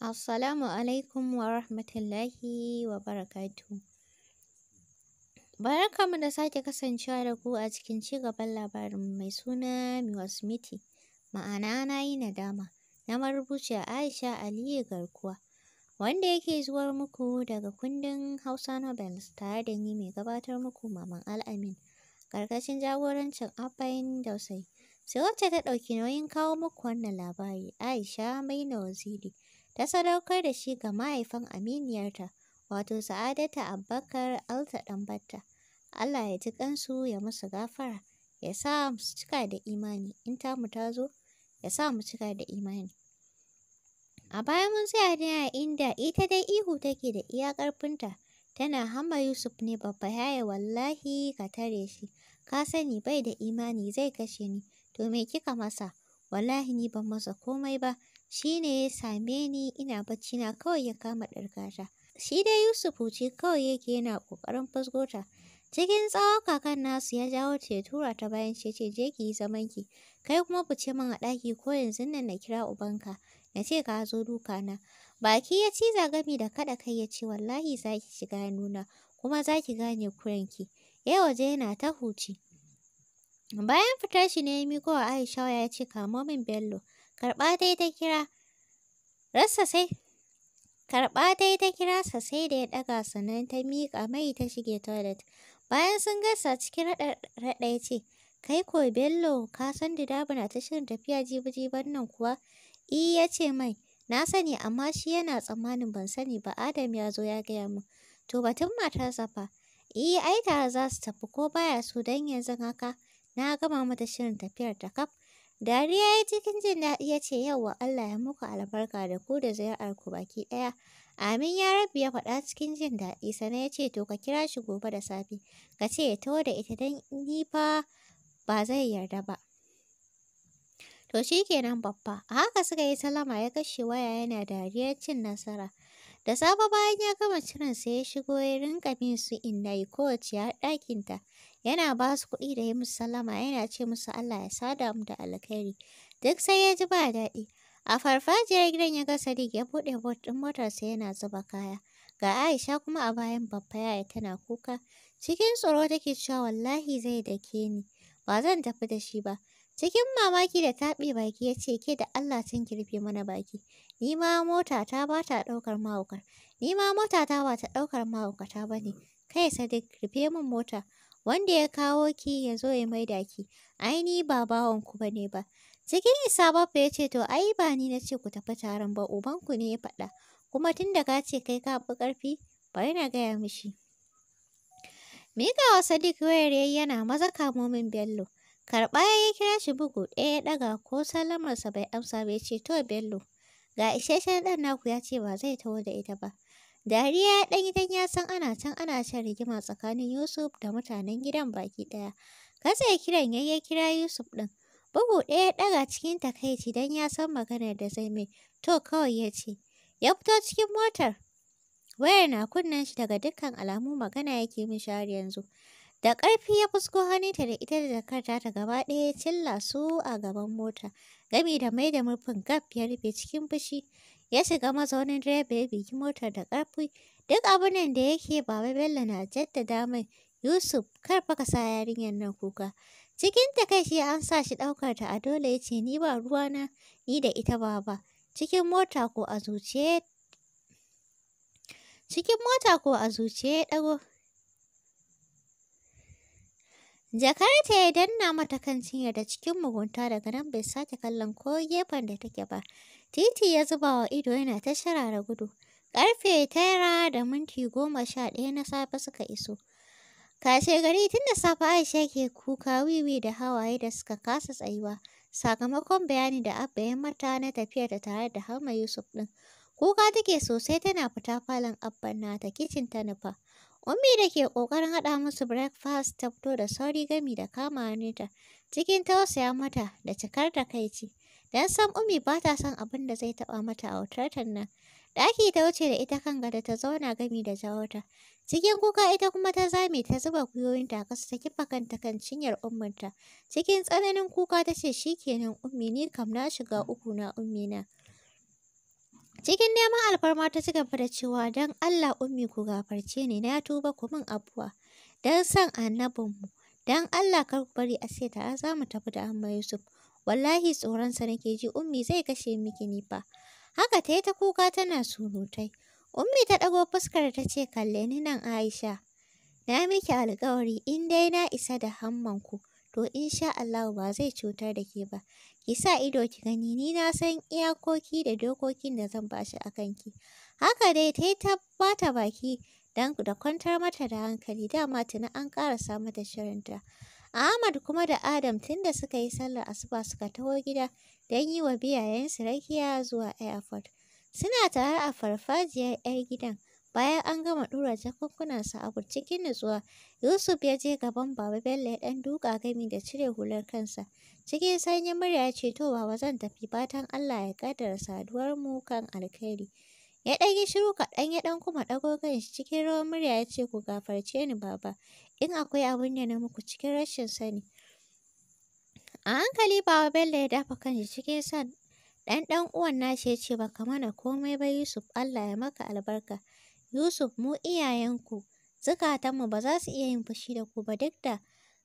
Assalamu alaikum wa rahmatullahi wa barakatuhu. mu da sake kasancewa da ku a cikin ci gaban labarin mai suna Miwasmiti, ma'ana na yi nadama, na marubuciya Aisha Aliyu Garkuwa, wanda yake zuwar muku daga kundin Hausa Nobels tare da ni mai gabatar muku Maman Al'amin, ƙarƙashin jagorancin abayin Dausai. Sai wacce ta ɗauki nauyin kawo muku wannan labari, Aisha Maina Waziri. ta sadaukar da shi ga mahaifin aminiyarta, wato Sa'adatu Abubakar Alta Ɗanbatta. Allah ya ji kansu ya musu gafara, ya sa mu cika da imani, in ta ta zo, ya sa mu cika da imani. A baya mun tsaya ne inda ita dai ihu take da iya ƙarfinta, tana hama Yusuf ne babba yaya wallahi ka tare shi, ka sani bai da imani zai kashe ni, to me kika masa? Wallahi ni ban masa komai ba, shine ya same ni ina bacci na kawai ya kama ɗarkata. Shi dai Yusuf ce kawai yake yana ƙoƙarin fasgota. Cikin tsawon kakan nasu ya jawo ta ya tura ta bayan ce ce je ki yi zaman ki. Kai kuma ku ce min a ɗaki ko yanzu nan na kira ubanka. Na ce ka zo duka na. Baki ya ci zagami da kaɗa kai ya ce wallahi za ki shiga nuna kuma za ki gane ki. Ya waje yana ta huci. Bayan fita shi ne ya miko wa Aisha ya ce kamo min Bello. karɓa dai ta kira rasa sai karɓa dai ta kira sa sai da ya ɗaga sannan ta miƙa mai ta shige toilet bayan sun gasa, cikin raɗa ya ce kai ko bello ka san didabu na ta shirin tafiya jibi-jiban nan kuwa i ya ce mai na sani amma shi yana tsammanin ban sani ba adam ya zo ya gaya mu." to batun matarsa fa i ai tare za su tafi ko baya so don yanzu haka na gama mata shirin tafiyar ta kaf Dariya ya cikin jin daɗi ya ce wa Allah ya muku albarka da ku da ku baki ɗaya. Amin ya rabu ya faɗa cikin jin daɗi sana ya ce to ka kira shi gobe da safe ka ce ya taho da ita don ni fa ba zai yarda ba. To shi kenan babba a haka suka yi salama ya kashe waya yana dariyar cin nasara. Da safe bayan ya gama cirin sai ya shigo ya rinka bin su inda yi kowace har ɗakinta. yana ba su kuɗi da yi musu sallama yana ce musu Allah ya sada mu da alkhairi duk sai ya ji ba daɗi a farfajiyar gidan ya ga Sadiq ya buɗe bot ɗin motarsa yana zuba kaya ga Aisha kuma a bayan babba yaya tana kuka cikin tsoro take cewa wallahi zai dake ni ba zan tafi da shi ba cikin mamaki da taɓe baki ya ce ke da Allah tun kirfe mana baki ni ma mota ta ba ta ɗaukar mahaukar ni ma mota ta ba ta ɗaukar mahaukata ba ne kai Sadiq rufe min mota wanda ya kawo ki ya zo ya maida ki, ai ni ba bawanku ba ne ba. Cikin isa bafa ya ce to ai ba ni na ce ku tafi taron ba ubanku ne ya faɗa, kuma tun da ka ce kai ka fi ƙarfi bari na gaya mishi. Mika Sadiq wayar yayi yana maza kamo min Bello. Karɓa ya kira shi bugu ɗaya ya ɗaga ko salamarsa bai amsa bai ce to Bello. Ga isasshen ɗan naku yace ba zai taho da ita ba. Dariya ya ɗan yi ya san ana can ana shan rigima tsakanin Yusuf da mutanen gidan baki ɗaya. Kasa ya kiran ya ya kira Yusuf ɗin. Bugu ɗaya ya ɗaga cikin takaici don ya san maganar da zai mai. To kawai ya ce, ya fito cikin motar. Wayar na kunnen shi daga dukkan alamu magana yake mishi har yanzu. Da ƙarfi ya fusko ta da ita da jakarta ta gaba ɗaya ya cilla su a gaban mota, gami da mai da murfin gab ya rufe cikin fushi. ya shiga mazaunin direba ya bigi motar da ƙarfi duk abin da yake baba bello na jaddada mai yusuf kar fa ka sa yarinyar nan kuka cikin takaici an sa shi ɗaukar ta a dole ya ce ni ba ruwa na, ni da ita ba cikin mota ko a zuciya cikin mota ko a zuciya ya ɗago ta ya danna mata kan cinya da cikin mugunta daga nan bai sake kallon ko gefen da take ba. Titi ya zuba wa ido yana ta sharara gudu. Ƙarfe tara da minti goma sha ɗaya na safe suka iso. Kashe gari tun da safe Aisha ke kuka wiwi da hawaye da suka kasa tsayuwa. Sakamakon bayani da Abba ya mata na tafiya da tare da Harma Yusuf ɗin. Kuka take sosai tana fita falon Abban nata kicin ta nufa. Ummi da ke ƙoƙarin haɗa musu breakfast ta fito da sauri gami da kama hannunta cikin tausaya mata da cikar takaici. Don san Umi ba ta son abin da zai taɓa mata a wutartar nan. Ɗaki ta wuce da ita kan gada ta zauna gami da jawarta. Cikin kuka ita kuma ta zame ta zuba kuyoyin ta ƙasa ta kifa kanta kan cinyar umminta. Cikin tsananin kuka ta ce shi kenan ummi ni kam na shiga uku na ummi na. Cikin neman alfarma ta ci gaba da cewa don Allah ummi ku gafarce ni na tuba ku min abuwa. Don san annabinmu. Don Allah kar ku bari a sai ta za mu tafi da Amma Yusuf. wallahi tsoronsa nake ji ummi zai kashe miki ni fa haka ta yi ta kuka tana surutai ummi ta ɗago fuskar ta ce kalle ni nan aisha na miki alƙawari in dai na isa da hamman ku to insha Allah ba zai cutar da ke ba ki sa ido ki gani ni na san iyakoki da dokokin da zan bashi a kanki haka dai ta yi ta bata baki dan da kwantar mata da hankali dama tuna an ƙarasa mata shirinta Ahmad kuma da Adam tunda suka yi sallar asuba suka taho gida don yi wa biyayensu rakiya zuwa airport. Suna tare a farfajiyar 'yar gidan. Bayan an gama ɗura jakunkunansa a cikin nutsuwa, Yusuf ya je gaban Baba Bello ya ɗan duka gami da cire hular kansa. Cikin sanyin murya ya ce, To, Baba zan tafi fatan Allah ya kaddara saduwar mu kan alkhairi. Ya ɗan shiru kaɗan ya ɗan kuma ɗago shi cikin rawar murya ya ce ku gafarce ni baba in akwai abin da na muku cikin rashin sani. A hankali baba Bello ya dafa kan shi cikin san ɗan ɗan uwan nashi ya ce baka mana komai ba Yusuf Allah ya maka albarka. Yusuf mu iyayenku zukatanmu ba za su iya yin fushi da ku ba duk da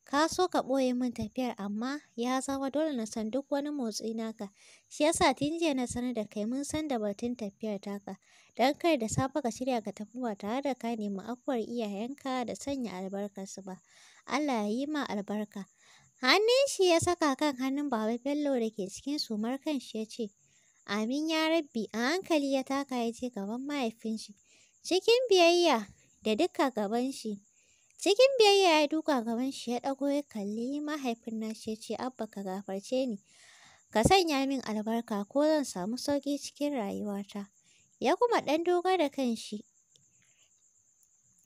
Ka so ka ɓoye min tafiyar amma ya zama dole na san duk wani motsi naka. Shi yasa tun jiya na sanar da kai mun san da batun tafiyar taka. Dan kar da safe ka shirya ka tafi ba tare da ka nemi afuwar iyayenka da sanya albarkarsu ba. Allah ya yi ma albarka. Hannun shi ya saka kan hannun Baba Bello da ke cikin sumar kan shi ya ce, Amin ya rabbi a hankali ya taka ya je gaban mahaifin shi. Cikin biyayya da duka gaban shi. Cikin biyayya ya duka gaban shi ya ɗago ya kalli mahaifin na ya ce Abba ka gafarce ni. Ka sanya min albarka ko zan samu sauƙi cikin rayuwata. Ya kuma ɗan doga da kanshi.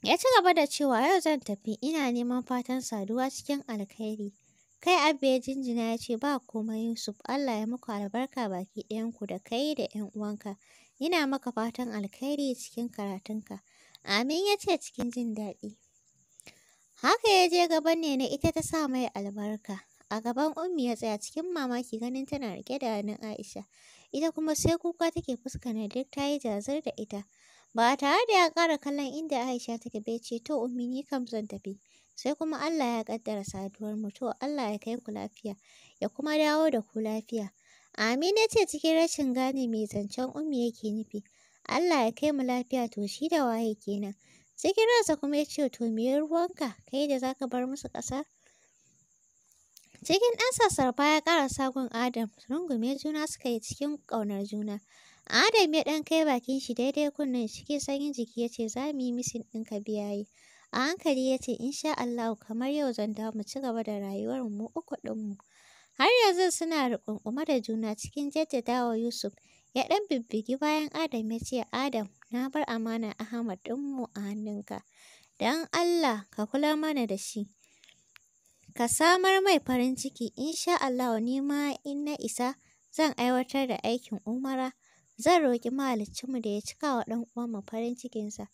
Ya ci gaba da cewa yau zan tafi ina neman fatan saduwa cikin alkhairi. Kai Abba ya jinjina ya ce ba komai Yusuf Allah ya muku albarka baki ɗayanku da kai da ‘yan uwanka. Ina maka fatan alkhairi cikin karatunka. Amin ya ce cikin jin daɗi. Haka ya je gaban na ita ta sa mai albarka. A gaban Ummi ya tsaya cikin mamaki ganin tana rike da hannun Aisha. Ita kuma sai kuka take fuskana duk ta yi jazar da ita. Ba tare da ya kara kallon inda Aisha ta gabe ce to Ummi ni kam zan tafi. Sai kuma Allah ya ƙaddara saduwar mu to Allah ya kai ku lafiya ya kuma dawo da ku lafiya. Amina ce cikin rashin gane mai zancen Ummi yake nufi. Allah ya kai mu lafiya to shi da waye kenan. Cikin sa kuma ya ce to me ruwanka kai da zaka bar musu ƙasa? Cikin ɗan sassarfa ya ƙara sagon Adam rungume juna suka yi cikin ƙaunar juna. Adam ya ɗan kai bakin shi daidai kunnen cikin sanyin jiki ya ce za mu yi misin biya yi. A hankali ya ce insha Allahu kamar yau zan dawo mu ci gaba da rayuwar mu uku ɗinmu. Har yanzu suna rukunkuma da juna cikin jaddadawa Yusuf ya ɗan bibbigi bayan Adam ya ce Adam na bar amanar Ahmad ɗinmu a hannunka. Don Allah ka kula mana da shi. Ka samar mai farin ciki, insha Allahu ni ma in na isa zan aiwatar da aikin Umara. Zan roƙi mahaliccinmu da ya cika wa ɗan uwanmu farin cikinsa.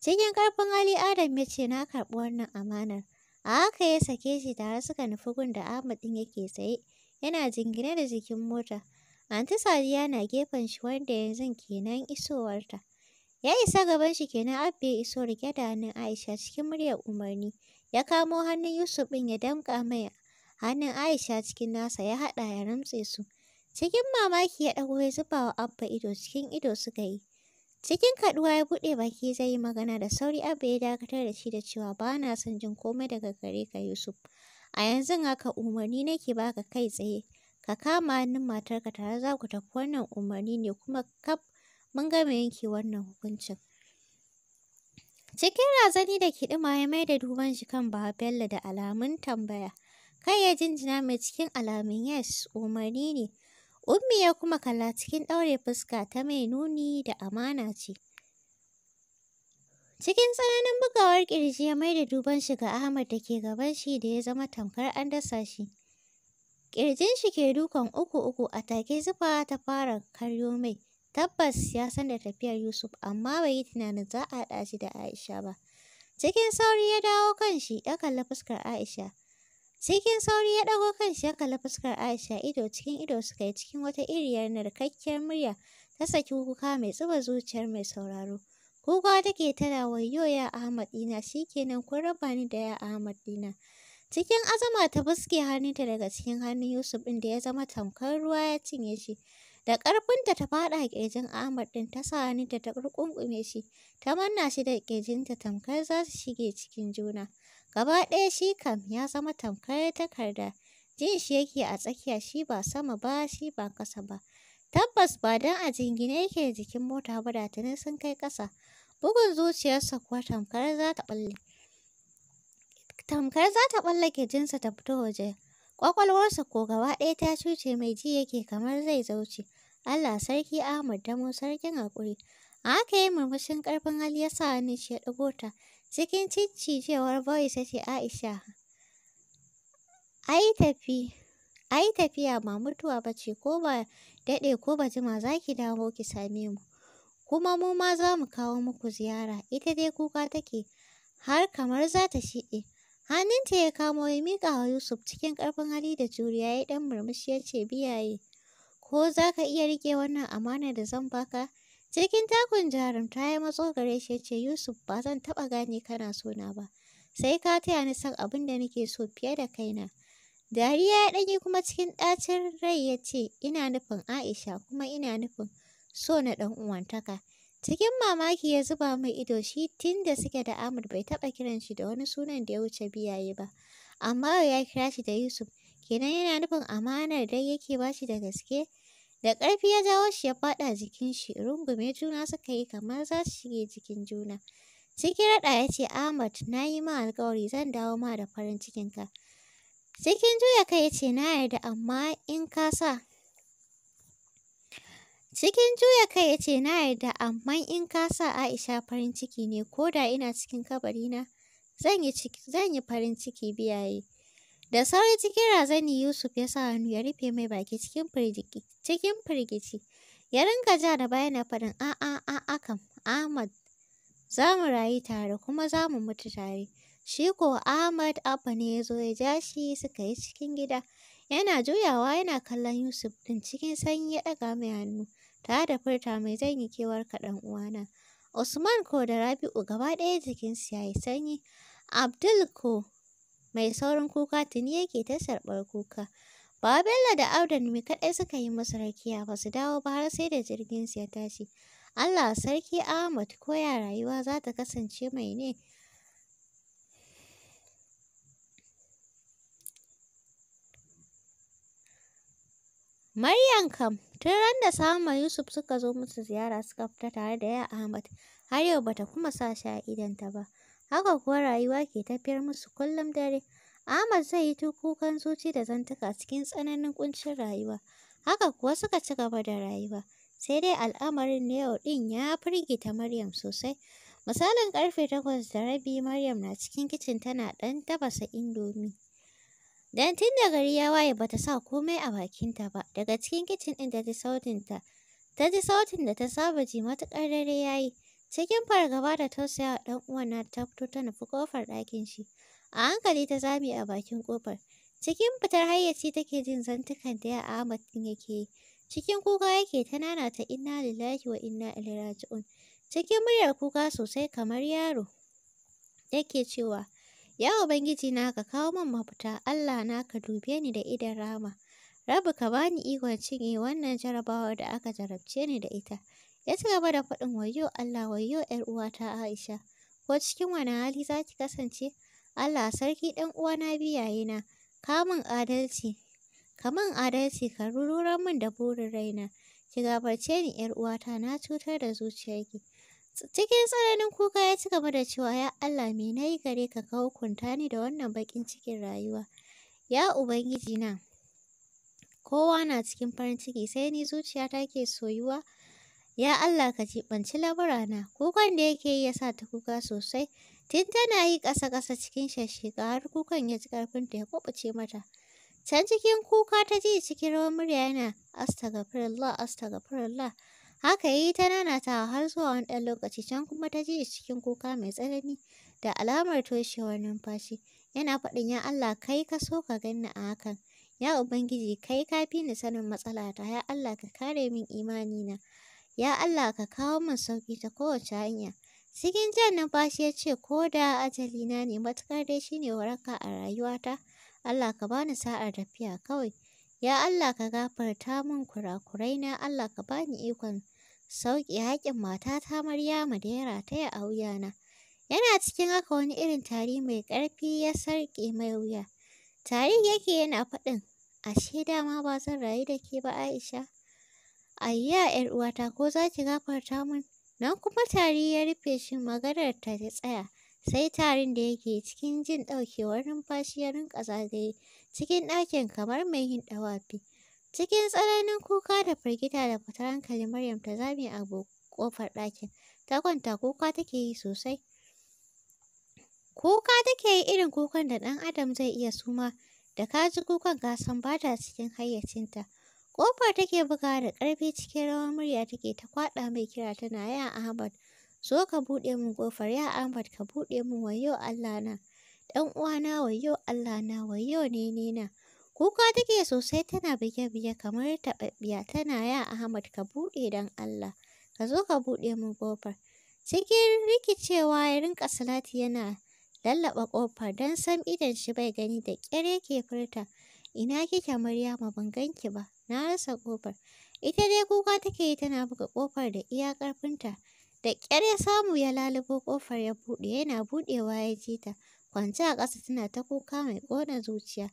Cikin ƙarfin hali Adam ya ce na karɓi wannan amanar. A haka ya sake shi tare suka nufi gun da Ahmad ɗin yake tsaye, yana jingine da jikin mota. Anti Sadiya na gefen shi wanda yanzu kenan isowarta. Ya isa gaban shi kenan Abba ya iso rike da hannun Aisha cikin muryar umarni. Ya kamo hannun Yusuf ɗin ya damƙa mai hannun Aisha cikin nasa ya haɗa ya ramtse su. Cikin mamaki ya dago ya zuba wa Abba ido cikin ido suka yi. Cikin kaɗuwa ya buɗe baki zai yi magana da sauri Abba ya dakatar da shi da cewa ba na son jin komai daga gare ka Yusuf. A yanzu haka umarni nake baka kai tsaye. Ka kama hannun matarka tare za ku tafi wannan umarni ne kuma kaf mun gama yanke wannan hukuncin. Cikin razani da kiɗima ya maida duban shi kan Baba Bello da alamun tambaya. Kai ya jinjina mai cikin alamun yes, umarni ne. Ummi ya kuma kalla cikin ɗaure fuska ta mai nuni da amana ce. Cikin tsananin bugawar ƙirji ya maida duban shi ga Ahmad da ke gaban shi da ya zama tamkar an dasa shi. Ƙirjin shi ke dukan uku uku a take zufa ta fara karyo mai. Tabbas ya san da tafiyar Yusuf amma bai yi tunanin za a haɗa shi da Aisha ba. Cikin sauri ya dawo kanshi ya kalli fuskar Aisha. Cikin sauri ya ɗago kanshi ya kalli fuskar Aisha ido cikin ido suka yi cikin wata iriyar narkakkiyar murya ta saki kuka mai tsuba zuciyar mai sauraro. Kuka take tana wayyo ya Ahmad ɗina shikenan kun raba ni da ya Ahmad ɗina. Cikin azama ta buske hannunta daga cikin hannun Yusuf inda ya zama tamkar ruwa ya cinye shi. Da ƙarfinta ta faɗa ƙirjin Ahmad ɗin ta sa ni ta ƙurƙunƙume shi, ta manna shi da ƙirjinta tamkar za su shige cikin juna. Gaba ɗaya shi kam ya zama tamkar takarda, jin shi yake a tsakiya shi ba sama ba shi ba ƙasa ba. Tabbas ba don a jingine yake jikin mota ba da tuni sun kai ƙasa. Bugun zuciyarsa kuwa tamkar za ta ɓalle. Tamkar za ta ɓalle ƙirjinsa ta fito waje. Ƙwaƙwalwarsa ko gaba ɗaya ta cuce mai ji yake kamar zai zauce. Allah sarki Ahmad da mu sarkin haƙuri. A yi murmushin ƙarfin hali ya sa ni ce ɗago ta. Cikin cewar voice ce Aisha. Ai tafi. Ai tafiya ba mutuwa ba ce ko ba daɗe ko ba jima za ki dawo ki same mu. Kuma mu ma za mu kawo muku ziyara. Ita dai kuka take har kamar za ta shiɗe. Hannunta ya kamo ya miƙa wa Yusuf cikin ƙarfin hali da juriya ya ɗan murmushi ya ce biyaye. ko za ka iya riƙe wannan amana da zan baka? Cikin takun jarumta ya matso gare shi ya ce, Yusuf ba zan taɓa gane kana sona ba, sai ka taya ni san abin da nake so fiye da kaina. Dariya ya ɗanyi kuma cikin ɗacin rai ya ce, Ina nufin Aisha kuma ina nufin so na ɗan uwantaka. Cikin mamaki ya zuba mai ido shi tun da suke da Amur bai taɓa kiran shi da wani sunan da ya wuce biyaye ba, amma ya kira shi da Yusuf. kenan yana nufin amanar dai yake bashi da gaske da ƙarfi ya jawo shi ya faɗa jikin shi rungume juna suka yi kamar za su shige jikin juna cikin raɗa ya ce ahmad na yi ma alkawari zan dawo ma da farin cikinka cikin juya kai ya ce na yarda amma in ka sa cikin juya kai ya ce na yarda amma in ka sa aisha farin ciki ne ko da ina cikin kabarina zan yi farin ciki biyaye Da sauri cikin razani Yusuf ya sa hannu ya rufe mai baki cikin firgici. Cikin firgici. Ya rinka ja da baya na faɗin a'a a'a kam Ahmad za mu rayu tare kuma za mu mutu tare. Shi ko Ahmad Abba ne ya zo ya ja shi suka yi cikin gida. Yana juyawa yana kallon Yusuf ɗin cikin sanyi ya ɗaga mai hannu tare da furta mai zan yi kewar kaɗan uwana. Usman ko da Rabi'u gaba ɗaya jikinsu ya yi sanyi. Abdul ko mai saurin kuka tuni yake ta sarbar kuka. Ba Bello da Audan ne kadai suka yi masa rakiya ba su dawo ba har sai da jirgin su ya tashi. Allah sarki Ahmad ko ya rayuwa za ta kasance mai ne. Maryam kam tun ran da Salma Yusuf suka zo musu ziyara suka fita tare da ya Ahmad har yau bata kuma sa shi a idonta ba. haka kuwa rayuwa ke tafiyar musu kullum dare. Ahmad zai yi kukan zuci da zantuka cikin tsananin ƙuncin rayuwa, haka kuwa suka ci gaba da rayuwa. Sai dai al'amarin na yau ɗin ya firgita Maryam sosai. Misalin ƙarfe takwas da rabi Maryam na cikin kicin tana ɗan tabasa indomi. Dan tun da gari ya waye bata sa komai a bakinta ba, daga cikin kicin ɗin da Ta ji sautin da ta saba ji matuƙar dare ya yi. Cikin fargaba da tausaya ɗan ɗan'uwana na ta fito ta nufi ƙofar ɗakin shi. A hankali ta zame a bakin ƙofar. Cikin fitar hayyaci take jin zantukan da ya Ahmad ɗin yake yi. Cikin kuka yake ta nanata inna lillahi wa inna ilaihi raji'un. Cikin muryar kuka sosai kamar yaro. Yake cewa, Ya Ubangiji na ka kawo min mafita, Allah na ka dube ni da idon rama. Rabu ka bani ikon cinye wannan jarabawa da aka jarabce ni da ita. Ya ci gaba da faɗin wayo Allah wayo ‘yar uwata Aisha, ko cikin wani hali za ki kasance? Allah sarki ɗan uwana biyaye na, kamun adalci, ka adalci ka rururan min da burin raina. Ki gafarce ni ‘yar uwata na cutar da zuciyarki. Cikin tsananin kuka ya ci gaba da cewa ya Allah me na yi gare ka ka hukunta ni da wannan baƙin cikin rayuwa. Ya Ubangiji na, kowa na cikin farin ciki sai ni zuciyata ke soyuwa. Ya Allah ka jibanci laburana, kukan da yake yi ya sa ta kuka sosai, tun tana yi ƙasa-ƙasa cikin shashshika har kukan ya ji da ya kubuce mata. Can cikin kuka ta ji cikin rawar murya yana astagfirullah astagfirullah. Haka yi ta ta har zuwa wani ɗan lokaci can kuma ta ji cikin kuka mai tsanani da alamar toshewar numfashi. Yana faɗin ya Allah kai ka so ka ganni a hakan. Ya Ubangiji kai ka fi ni sanin matsalata ya Allah ka kare min imanina. Ya Allah ka kawo min sauƙi ta kowace hanya. Cikin jan numfashi ya ce, Ko da ajalina ne, matuƙar dai shi ne waraka a rayuwata. Allah ka bani sa'ar tafiya kawai. Ya Allah ka gafarta min kurakurai na, Allah ka bani ikon sauƙi haƙƙin matata Maryamu da ya rataya a wuyana. Yana cikin haka wani irin tari mai ƙarfi ya sarƙe mai wuya. Tari yake yana faɗin, ashe dama ba zan rayu da ke ba Aisha. Ayya ‘yar uwata ko za ki gafarta min? Nan kuma tari ya rufe shi maganar ta ta tsaya. Sai tarin da yake cikin jin ɗaukewar numfashi ya rinƙa zagaye cikin ɗakin kamar mai yin ɗawafi. Cikin tsananin kuka da firgita da fitar hankali Maryam ta zame a ƙofar ɗakin. Ta kwanta kuka take yi sosai. Kuka take yi irin kukan da ɗan adam zai iya suma da kaji ji kukan ka san ba ta cikin hayyacinta. Ƙofar take buga da ƙarfi cikin rawar murya take ta kwaɗa mai kira tana ya Ahmad zo ka buɗe min ƙofar ya Ahmad ka buɗe min wayo Allah na. Ɗan uwana wayo Allah na wayo ne, na. Kuka take sosai tana bige-bige kamar ta taɓaɓɓiya tana ya Ahmad ka buɗe dan Allah. Ka zo ka buɗe min ƙofar. Cikin rikicewa ya rinƙa salati yana lallaɓa ƙofar dan san idon shi bai gani da ƙyar yake furta. Ina kike Maryama ban ganki ba. na rasa ƙofar. Ita dai kuka take yi tana buga ƙofar da iya ƙarfinta. Da ƙyar ya samu ya lalubo ƙofar ya buɗe yana buɗewa ya ji ta kwance a ƙasa tana ta kuka mai ƙona zuciya.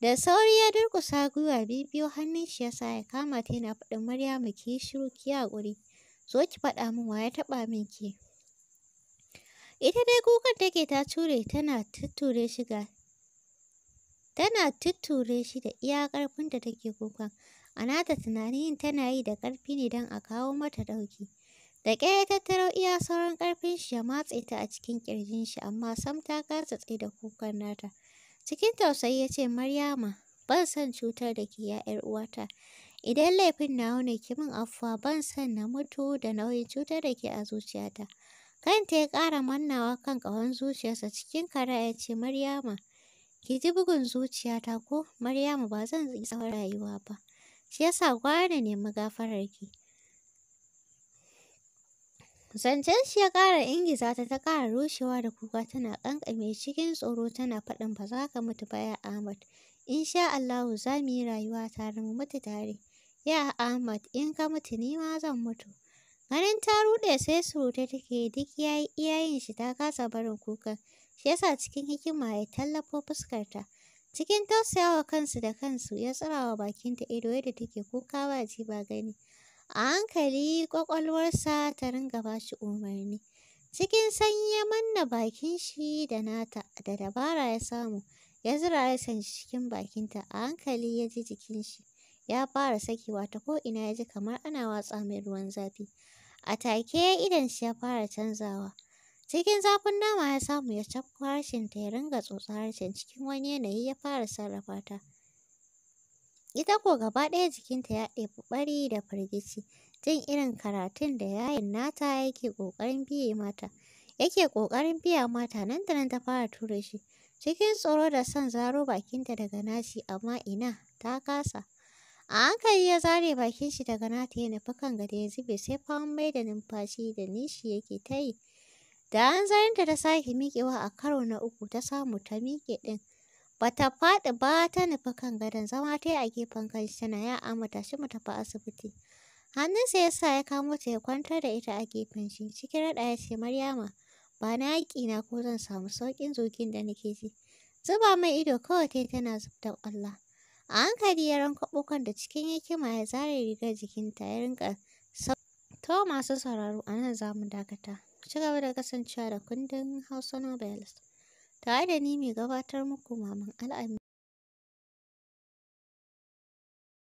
Da sauri ya durƙusa gwiwa bibiyo hannun shi ya sa ya kama ta yana faɗin Maryamu ki shiru ki haƙuri. Zo ki faɗa min wa ya taɓa min ki. Ita dai kukan take ta ture tana tutture shiga Tana tutture shi da iya ƙarfin da take kuka. A nata tunanin tana yi da ƙarfi ne don a kawo mata ɗauki. Da ƙyar ya tattaro iya sauran ƙarfin shi ya matse ta a cikin ƙirjin shi amma sam ta kasa da kukan nata. Cikin tausayi ya ce, Maryama, ban son cutar da ke ya ‘yar uwata. Idan laifin na wani ki afuwa ban san na mutu da nauyin cutar da ke a zuciyata. Kanta ya ƙara mannawa kan ƙahon zuciyarsa cikin kara ya ce, Maryama, Ki ji bugun zuciyata ko Maryamu ba zan yi tsawon rayuwa ba. Shi yasa gwara nemi gafararki. Zancen shi ya ƙara ingiza ta ta ƙara rushewa da kuka tana ƙanƙame cikin tsoro tana faɗin ba za ka mutu ba ya Ahmad. sha Allahu za mu yi rayuwa tare mu mutu tare. Ya Ahmad in ka mutu ni ma zan mutu. Ganin ta ruɗe sai surutai take duk yayi iyayen shi ta kasa barin kukan. shi yasa cikin hikima ya tallafo fuskarta cikin tausayawa kansu da kansu ya tsirawa bakinta ido yadda take kuka ba ji ba gani a hankali kwakwalwarsa ta ringa ba shi umarni cikin sanyi ya manna bakin shi da nata da dabara ya samu ya zira san cikin bakinta a hankali ya ji jikin shi ya fara sakewa ta ko'ina ya ji kamar ana watsa mai ruwan zafi a take idon shi ya fara canzawa Cikin zafin nama ya samu ya harshen harshenta ya ringa tsotsa harshen cikin wani yanayi ya fara sarrafa ta. Ita ko gaba ɗaya jikinta ya ɗebi ɓari da firgici, jin irin karatun da yayin nata yake ƙoƙarin biye mata. Yake ƙoƙarin biya mata nan da nan ta fara ture shi. Cikin tsoro da son zaro bakinta daga nashi amma ina ta kasa. A hankali ya zare bakin shi daga nata ya nufi kan gado ya zube sai faman mai da numfashi da nishi yake ta yi. Da hanzarinta ta sake miƙewa a karo na uku ta samu ta miƙe ɗin. Bata faɗi ba ta nufi kan gadon zama ta yi a gefen kanshi tana ya amma shi mu tafi asibiti. Hannunsa ya sa ya kamo ta ya kwantar da ita a gefen shi cikin raɗa ya ce Maryama ba na yaƙi na ko zan samu sauƙin zogin da nake ji. Zuba mai ido kawai ta tana zubtar Allah. A hankali ya rankaɓo kan da cikin hikima ya zare rigar jikinta ya rinƙa. To masu sauraro a nan za mu dakata. ci gaba da kasancewa da kundin Hausa Nobels tare da ni mai gabatar muku Maman al'ami